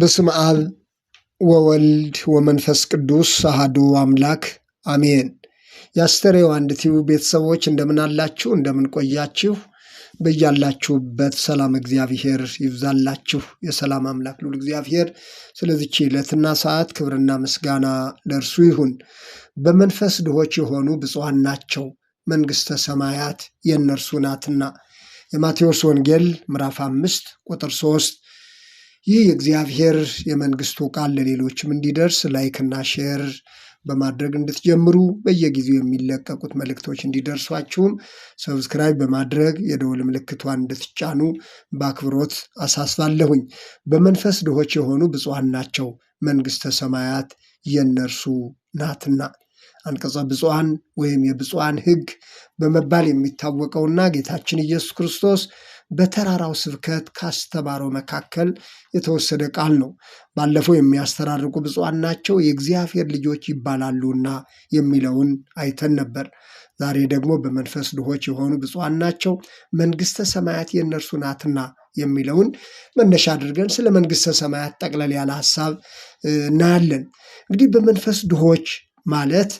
ብስም አብ ወወልድ ወመንፈስ ቅዱስ አሃዱ አምላክ አሜን። የአስተርእዮ አንድ ቲዩብ ቤተሰቦች እንደምናላችሁ እንደምንቆያችሁ፣ በያላችሁበት ሰላም እግዚአብሔር ይብዛላችሁ። የሰላም አምላክ ልዑል እግዚአብሔር ስለዚች ዕለትና ሰዓት ክብርና ምስጋና ለእርሱ ይሁን። በመንፈስ ድሆች የሆኑ ብፁዓን ናቸው መንግሥተ ሰማያት የእነርሱ ናትና። የማቴዎስ ወንጌል ምዕራፍ አምስት ቁጥር ሶስት ይህ የእግዚአብሔር የመንግስቱ ቃል ለሌሎችም እንዲደርስ ላይክና ሼር በማድረግ እንድትጀምሩ በየጊዜው የሚለቀቁት መልእክቶች እንዲደርሷችሁም ሰብስክራይብ በማድረግ የደወል ምልክቷን እንድትጫኑ በአክብሮት አሳስባለሁኝ። በመንፈስ ድሆች የሆኑ ብፁዓን ናቸው፣ መንግስተ ሰማያት የእነርሱ ናትና። አንቀጸ ብፁዓን ወይም የብፁዓን ሕግ በመባል የሚታወቀውና ጌታችን ኢየሱስ ክርስቶስ በተራራው ስብከት ካስተማረው መካከል የተወሰደ ቃል ነው። ባለፈው የሚያስተራርቁ ብፁዓን ናቸው የእግዚአብሔር ልጆች ይባላሉና የሚለውን አይተን ነበር። ዛሬ ደግሞ በመንፈስ ድሆች የሆኑ ብፁዓን ናቸው መንግስተ ሰማያት የእነርሱ ናትና የሚለውን መነሻ አድርገን ስለ መንግስተ ሰማያት ጠቅለል ያለ ሀሳብ እናያለን። እንግዲህ በመንፈስ ድሆች ማለት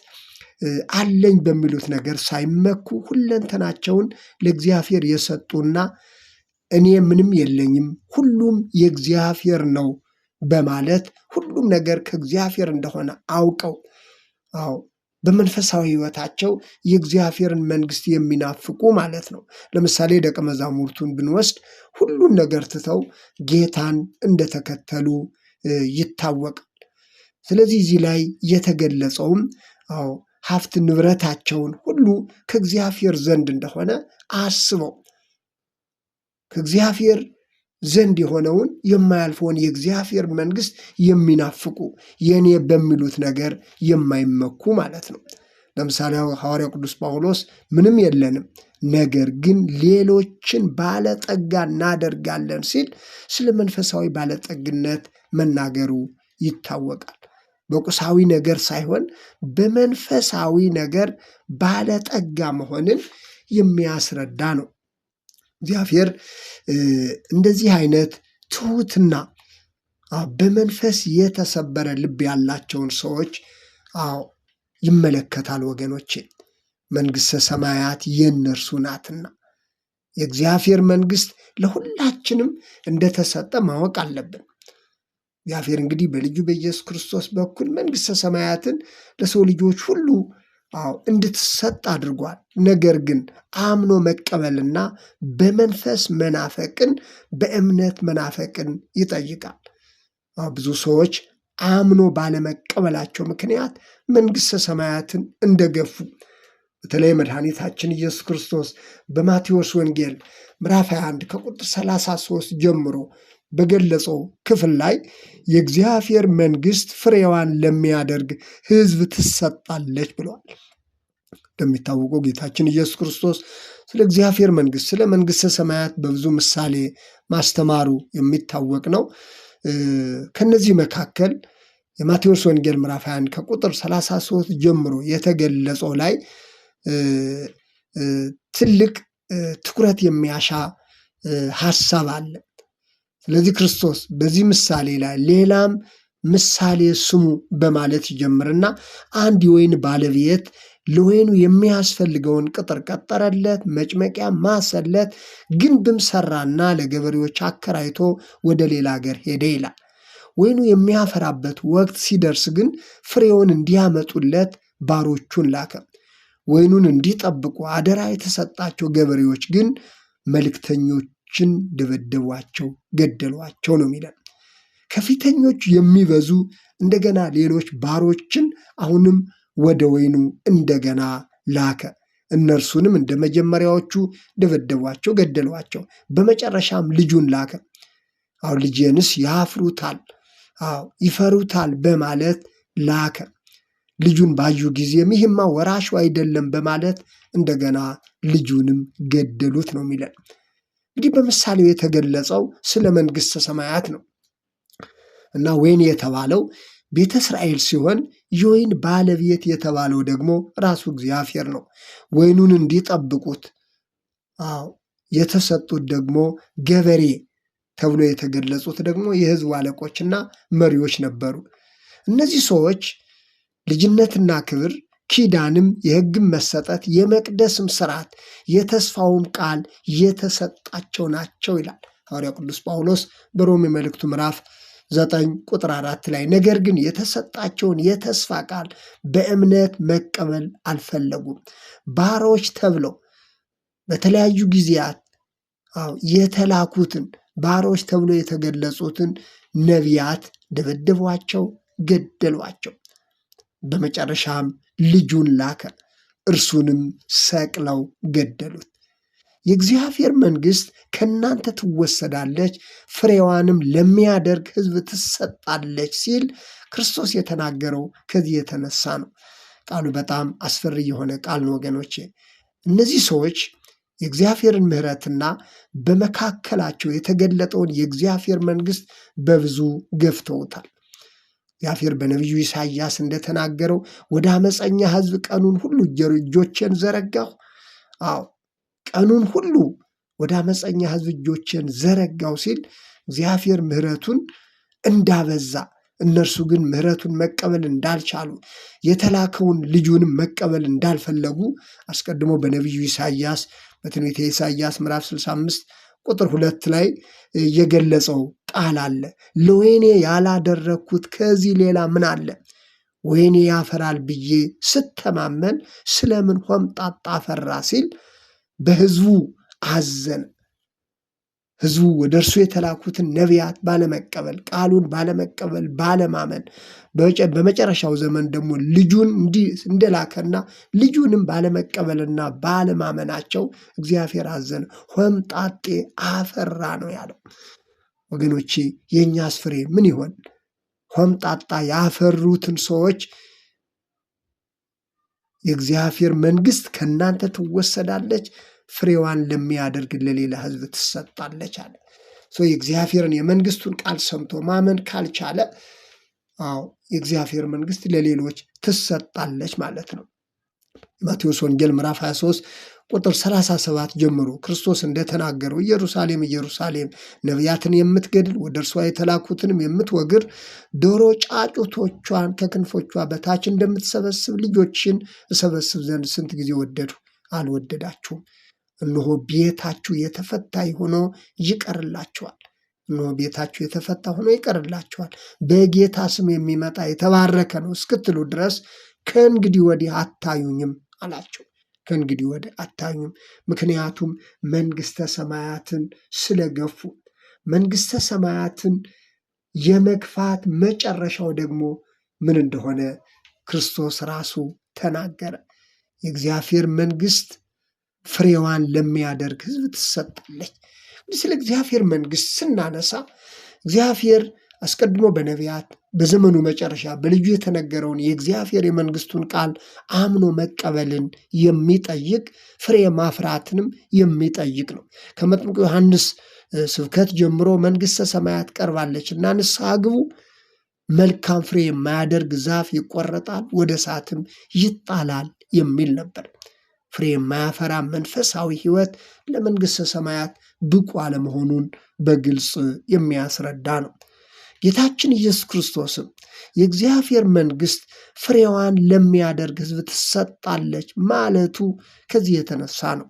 አለኝ በሚሉት ነገር ሳይመኩ ሁለንተናቸውን ለእግዚአብሔር የሰጡና እኔ ምንም የለኝም፣ ሁሉም የእግዚአብሔር ነው በማለት ሁሉም ነገር ከእግዚአብሔር እንደሆነ አውቀው አዎ በመንፈሳዊ ሕይወታቸው የእግዚአብሔርን መንግስት የሚናፍቁ ማለት ነው። ለምሳሌ ደቀ መዛሙርቱን ብንወስድ ሁሉን ነገር ትተው ጌታን እንደተከተሉ ይታወቃል። ስለዚህ እዚህ ላይ የተገለጸውም አዎ ሀብት ንብረታቸውን ሁሉ ከእግዚአብሔር ዘንድ እንደሆነ አስበው ከእግዚአብሔር ዘንድ የሆነውን የማያልፈውን የእግዚአብሔር መንግስት የሚናፍቁ የእኔ በሚሉት ነገር የማይመኩ ማለት ነው። ለምሳሌ ሐዋርያ ቅዱስ ጳውሎስ ምንም የለንም፣ ነገር ግን ሌሎችን ባለጠጋ እናደርጋለን ሲል ስለ መንፈሳዊ ባለጠግነት መናገሩ ይታወቃል። በቁሳዊ ነገር ሳይሆን በመንፈሳዊ ነገር ባለጠጋ መሆንን የሚያስረዳ ነው። እግዚአብሔር እንደዚህ አይነት ትሁትና በመንፈስ የተሰበረ ልብ ያላቸውን ሰዎች አዎ ይመለከታል። ወገኖቼ መንግሥተ ሰማያት የእነርሱ ናትና የእግዚአብሔር መንግሥት ለሁላችንም እንደተሰጠ ማወቅ አለብን። እግዚአብሔር እንግዲህ በልጁ በኢየሱስ ክርስቶስ በኩል መንግሥተ ሰማያትን ለሰው ልጆች ሁሉ አዎ እንድትሰጥ አድርጓል። ነገር ግን አምኖ መቀበልና በመንፈስ መናፈቅን በእምነት መናፈቅን ይጠይቃል። ብዙ ሰዎች አምኖ ባለመቀበላቸው ምክንያት መንግሥተ ሰማያትን እንደገፉ በተለይ መድኃኒታችን ኢየሱስ ክርስቶስ በማቴዎስ ወንጌል ምዕራፍ 21 ከቁጥር 33 ጀምሮ በገለጸው ክፍል ላይ የእግዚአብሔር መንግስት ፍሬዋን ለሚያደርግ ህዝብ ትሰጣለች ብለዋል። እንደሚታወቀው ጌታችን ኢየሱስ ክርስቶስ ስለ እግዚአብሔር መንግስት ስለ መንግስተ ሰማያት በብዙ ምሳሌ ማስተማሩ የሚታወቅ ነው። ከነዚህ መካከል የማቴዎስ ወንጌል ምዕራፍ 21 ከቁጥር 33 ጀምሮ የተገለጸው ላይ ትልቅ ትኩረት የሚያሻ ሀሳብ አለ። ስለዚህ ክርስቶስ በዚህ ምሳሌ ላይ ሌላም ምሳሌ ስሙ በማለት ይጀምርና አንድ የወይን ባለቤት ለወይኑ የሚያስፈልገውን ቅጥር ቀጠረለት፣ መጭመቂያ ማሰለት፣ ግንብም ሰራና ለገበሬዎች አከራይቶ ወደ ሌላ ሀገር ሄደ ይላል። ወይኑ የሚያፈራበት ወቅት ሲደርስ ግን ፍሬውን እንዲያመጡለት ባሮቹን ላከ። ወይኑን እንዲጠብቁ አደራ የተሰጣቸው ገበሬዎች ግን መልክተኞች ሰዎችን ደበደቧቸው፣ ገደሏቸው ነው የሚለን። ከፊተኞች የሚበዙ እንደገና ሌሎች ባሮችን አሁንም ወደ ወይኑ እንደገና ላከ። እነርሱንም እንደ መጀመሪያዎቹ ደበደቧቸው፣ ገደሏቸው። በመጨረሻም ልጁን ላከ። አሁን ልጄንስ ያፍሩታል፣ አዎ ይፈሩታል በማለት ላከ። ልጁን ባዩ ጊዜም ይህማ ወራሹ አይደለም በማለት እንደገና ልጁንም ገደሉት ነው የሚለን። እንግዲህ በምሳሌው የተገለጸው ስለ መንግሥተ ሰማያት ነው እና ወይን የተባለው ቤተ እስራኤል ሲሆን የወይን ባለቤት የተባለው ደግሞ ራሱ እግዚአብሔር ነው። ወይኑን እንዲጠብቁት አዎ የተሰጡት ደግሞ ገበሬ ተብሎ የተገለጹት ደግሞ የህዝቡ አለቆችና መሪዎች ነበሩ። እነዚህ ሰዎች ልጅነትና ክብር ኪዳንም የሕግም መሰጠት የመቅደስም ስርዓት የተስፋውም ቃል የተሰጣቸው ናቸው ይላል ሐዋርያው ቅዱስ ጳውሎስ በሮሜ መልእክቱ ምዕራፍ ዘጠኝ ቁጥር አራት ላይ ነገር ግን የተሰጣቸውን የተስፋ ቃል በእምነት መቀበል አልፈለጉም። ባሮች ተብለው በተለያዩ ጊዜያት የተላኩትን ባሮች ተብለው የተገለጹትን ነቢያት ደበደቧቸው፣ ገደሏቸው። በመጨረሻም ልጁን ላከ፣ እርሱንም ሰቅለው ገደሉት። የእግዚአብሔር መንግሥት ከእናንተ ትወሰዳለች፣ ፍሬዋንም ለሚያደርግ ሕዝብ ትሰጣለች ሲል ክርስቶስ የተናገረው ከዚህ የተነሳ ነው። ቃሉ በጣም አስፈሪ የሆነ ቃል ነው ወገኖቼ። እነዚህ ሰዎች የእግዚአብሔርን ምሕረትና በመካከላቸው የተገለጠውን የእግዚአብሔር መንግሥት በብዙ ገፍተውታል። እግዚአብሔር በነቢዩ ኢሳያስ እንደተናገረው ወደ አመፀኛ ህዝብ ቀኑን ሁሉ እጆቼን ዘረጋሁ። አዎ ቀኑን ሁሉ ወደ አመፀኛ ህዝብ እጆቼን ዘረጋው ሲል እግዚአብሔር ምህረቱን እንዳበዛ እነርሱ ግን ምህረቱን መቀበል እንዳልቻሉ የተላከውን ልጁንም መቀበል እንዳልፈለጉ አስቀድሞ በነቢዩ ኢሳያስ በትንቢተ ኢሳያስ ምዕራፍ 65 ቁጥር ሁለት ላይ የገለጸው ቃል አለ። ለወይኔ ያላደረግኩት ከዚህ ሌላ ምን አለ? ወይኔ ያፈራል ብዬ ስተማመን ስለምን ሆምጣጣ አፈራ ሲል በህዝቡ አዘን ህዝቡ ወደ እርሱ የተላኩትን ነቢያት ባለመቀበል ቃሉን ባለመቀበል ባለማመን በመጨረሻው ዘመን ደግሞ ልጁን እንደላከና ልጁንም ባለመቀበልና ባለማመናቸው እግዚአብሔር አዘነ፣ ሆምጣጤ አፈራ ነው ያለው። ወገኖቼ የእኛስ ፍሬ ምን ይሆን? ሆምጣጣ ያፈሩትን ሰዎች የእግዚአብሔር መንግስት ከእናንተ ትወሰዳለች፣ ፍሬዋን ለሚያደርግ ለሌላ ህዝብ ትሰጣለች አለ። የእግዚአብሔርን የመንግስቱን ቃል ሰምቶ ማመን ካልቻለ አዎ የእግዚአብሔር መንግስት ለሌሎች ትሰጣለች ማለት ነው። ማቴዎስ ወንጌል ምዕራፍ 23 ቁጥር 37 ጀምሮ ክርስቶስ እንደተናገረው ኢየሩሳሌም ኢየሩሳሌም ነቢያትን የምትገድል ወደ እርሷ የተላኩትንም የምትወግር ዶሮ ጫጩቶቿን ከክንፎቿ በታች እንደምትሰበስብ ልጆችን እሰበስብ ዘንድ ስንት ጊዜ ወደዱ፣ አልወደዳችሁም። እነሆ ቤታችሁ የተፈታ ሆኖ ይቀርላችኋል። እነሆ ቤታችሁ የተፈታ ሆኖ ይቀርላችኋል። በጌታ ስም የሚመጣ የተባረከ ነው እስክትሉ ድረስ ከእንግዲህ ወዲህ አታዩኝም አላቸው። ከእንግዲህ ወዲህ አታዩኝም፣ ምክንያቱም መንግሥተ ሰማያትን ስለገፉ። መንግሥተ ሰማያትን የመግፋት መጨረሻው ደግሞ ምን እንደሆነ ክርስቶስ ራሱ ተናገረ። የእግዚአብሔር መንግስት ፍሬዋን ለሚያደርግ ህዝብ ትሰጣለች። ስለ እግዚአብሔር መንግስት ስናነሳ እግዚአብሔር አስቀድሞ በነቢያት በዘመኑ መጨረሻ በልጁ የተነገረውን የእግዚአብሔር የመንግስቱን ቃል አምኖ መቀበልን የሚጠይቅ ፍሬ ማፍራትንም የሚጠይቅ ነው። ከመጥምቁ ዮሐንስ ስብከት ጀምሮ መንግስተ ሰማያት ቀርባለች እና ንስሐ ግቡ፣ መልካም ፍሬ የማያደርግ ዛፍ ይቆረጣል፣ ወደ እሳትም ይጣላል የሚል ነበር። ፍሬ የማያፈራ መንፈሳዊ ህይወት ለመንግስተ ሰማያት ብቁ አለመሆኑን በግልጽ የሚያስረዳ ነው። ጌታችን ኢየሱስ ክርስቶስም የእግዚአብሔር መንግስት ፍሬዋን ለሚያደርግ ህዝብ ትሰጣለች ማለቱ ከዚህ የተነሳ ነው።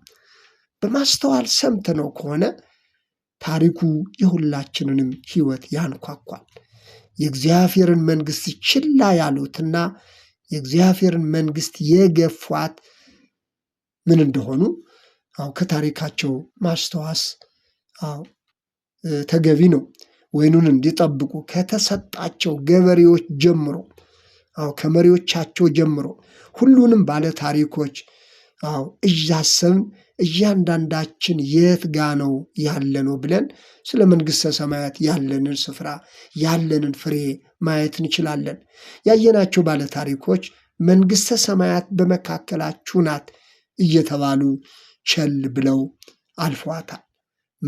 በማስተዋል ሰምተነው ከሆነ ታሪኩ የሁላችንንም ህይወት ያንኳኳል። የእግዚአብሔርን መንግስት ችላ ያሉትና የእግዚአብሔርን መንግስት የገፏት ምን እንደሆኑ አው ከታሪካቸው ማስተዋስ አው ተገቢ ነው። ወይኑን እንዲጠብቁ ከተሰጣቸው ገበሬዎች ጀምሮ አዎ ከመሪዎቻቸው ጀምሮ ሁሉንም ባለ ታሪኮች አዎ እያሰብን እያንዳንዳችን የት ጋ ነው ያለ ነው ብለን ስለ መንግሥተ ሰማያት ያለንን ስፍራ ያለንን ፍሬ ማየት እንችላለን። ያየናቸው ባለ ታሪኮች መንግሥተ ሰማያት በመካከላችሁ ናት እየተባሉ ቸል ብለው አልፏታል።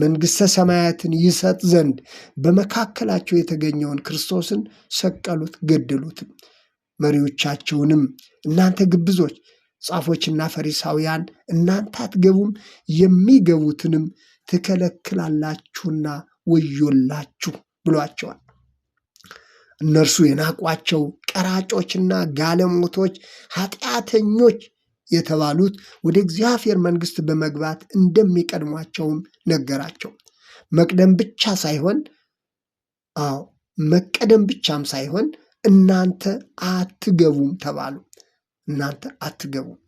መንግሥተ ሰማያትን ይሰጥ ዘንድ በመካከላቸው የተገኘውን ክርስቶስን ሰቀሉት፣ ገደሉት መሪዎቻቸውንም እናንተ ግብዞች ጻፎችና ፈሪሳውያን እናንተ አትገቡም፣ የሚገቡትንም ትከለክላላችሁና ወዮላችሁ ብሏቸዋል። እነርሱ የናቋቸው ቀራጮችና ጋለሞቶች ኃጢአተኞች የተባሉት ወደ እግዚአብሔር መንግስት በመግባት እንደሚቀድሟቸውም ነገራቸው። መቅደም ብቻ ሳይሆን አዎ መቀደም ብቻም ሳይሆን እናንተ አትገቡም ተባሉ። እናንተ አትገቡም።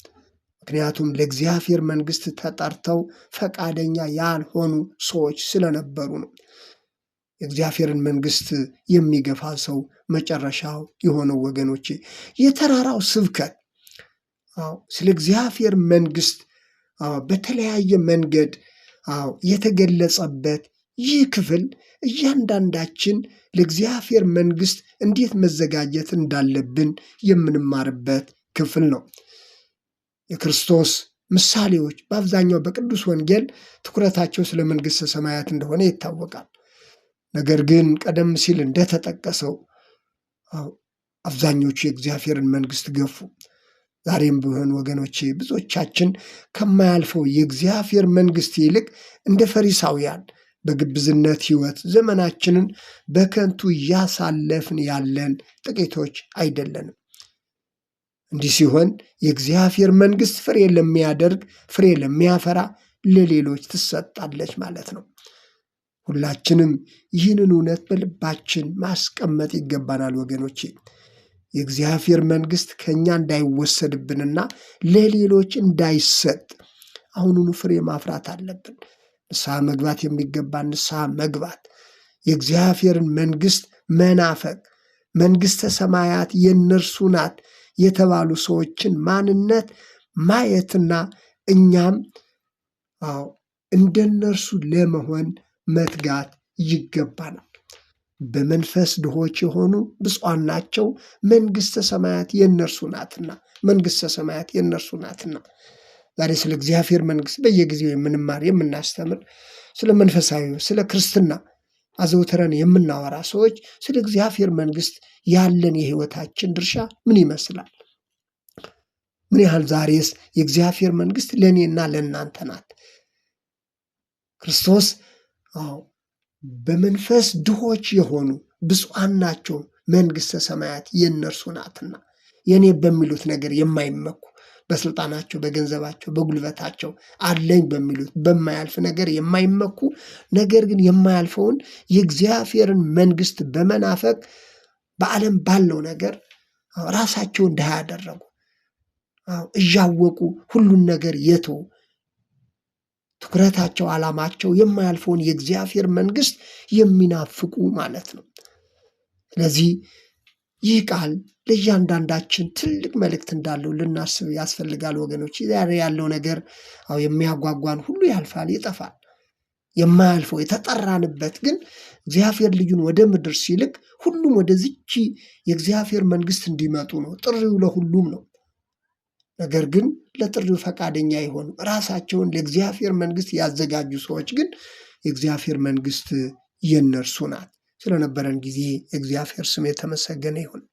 ምክንያቱም ለእግዚአብሔር መንግስት ተጠርተው ፈቃደኛ ያልሆኑ ሰዎች ስለነበሩ ነው። የእግዚአብሔርን መንግስት የሚገፋ ሰው መጨረሻው የሆነው ወገኖቼ የተራራው ስብከት ስለ እግዚአብሔር መንግስት በተለያየ መንገድ የተገለጸበት ይህ ክፍል እያንዳንዳችን ለእግዚአብሔር መንግስት እንዴት መዘጋጀት እንዳለብን የምንማርበት ክፍል ነው። የክርስቶስ ምሳሌዎች በአብዛኛው በቅዱስ ወንጌል ትኩረታቸው ስለ መንግሥተ ሰማያት እንደሆነ ይታወቃል። ነገር ግን ቀደም ሲል እንደተጠቀሰው አብዛኞቹ የእግዚአብሔርን መንግስት ገፉ። ዛሬም ቢሆን ወገኖቼ ብዙዎቻችን ከማያልፈው የእግዚአብሔር መንግሥት ይልቅ እንደ ፈሪሳውያን በግብዝነት ሕይወት ዘመናችንን በከንቱ እያሳለፍን ያለን ጥቂቶች አይደለንም። እንዲህ ሲሆን የእግዚአብሔር መንግሥት ፍሬ ለሚያደርግ ፍሬ ለሚያፈራ ለሌሎች ትሰጣለች ማለት ነው። ሁላችንም ይህንን እውነት በልባችን ማስቀመጥ ይገባናል ወገኖቼ። የእግዚአብሔር መንግስት ከእኛ እንዳይወሰድብንና ለሌሎች እንዳይሰጥ አሁኑኑ ፍሬ ማፍራት አለብን። ንስሐ መግባት የሚገባ ንስሐ መግባት፣ የእግዚአብሔርን መንግስት መናፈቅ፣ መንግስተ ሰማያት የእነርሱ ናት የተባሉ ሰዎችን ማንነት ማየትና እኛም አዎ እንደነርሱ ለመሆን መትጋት ይገባናል። በመንፈስ ድሆች የሆኑ ብፁዓን ናቸው፣ መንግሥተ ሰማያት የእነርሱ ናትና። መንግሥተ ሰማያት የእነርሱ ናትና። ዛሬ ስለ እግዚአብሔር መንግሥት በየጊዜው የምንማር የምናስተምር፣ ስለ መንፈሳዊ ስለ ክርስትና አዘውትረን የምናወራ ሰዎች ስለ እግዚአብሔር መንግሥት ያለን የሕይወታችን ድርሻ ምን ይመስላል? ምን ያህል ዛሬስ የእግዚአብሔር መንግሥት ለእኔና ለእናንተ ናት? ክርስቶስ አዎ በመንፈስ ድሆች የሆኑ ብፁዓን ናቸው፣ መንግሥተ ሰማያት የእነርሱ ናትና። የእኔ በሚሉት ነገር የማይመኩ በስልጣናቸው፣ በገንዘባቸው፣ በጉልበታቸው አለኝ በሚሉት በማያልፍ ነገር የማይመኩ ነገር ግን የማያልፈውን የእግዚአብሔርን መንግሥት በመናፈቅ በዓለም ባለው ነገር ራሳቸውን ድሃ ያደረጉ እያወቁ ሁሉን ነገር የተው ትኩረታቸው፣ ዓላማቸው የማያልፈውን የእግዚአብሔር መንግስት የሚናፍቁ ማለት ነው። ስለዚህ ይህ ቃል ለእያንዳንዳችን ትልቅ መልእክት እንዳለው ልናስብ ያስፈልጋል ወገኖች። ዛሬ ያለው ነገር አው የሚያጓጓን ሁሉ ያልፋል፣ ይጠፋል። የማያልፈው የተጠራንበት ግን እግዚአብሔር ልጁን ወደ ምድር ሲልክ ሁሉም ወደዚች የእግዚአብሔር መንግስት እንዲመጡ ነው። ጥሪው ለሁሉም ነው። ነገር ግን ለጥሪው ፈቃደኛ የሆኑ ራሳቸውን ለእግዚአብሔር መንግስት ያዘጋጁ ሰዎች ግን የእግዚአብሔር መንግስት የነርሱ ናት። ስለነበረን ጊዜ እግዚአብሔር ስም የተመሰገነ ይሁን።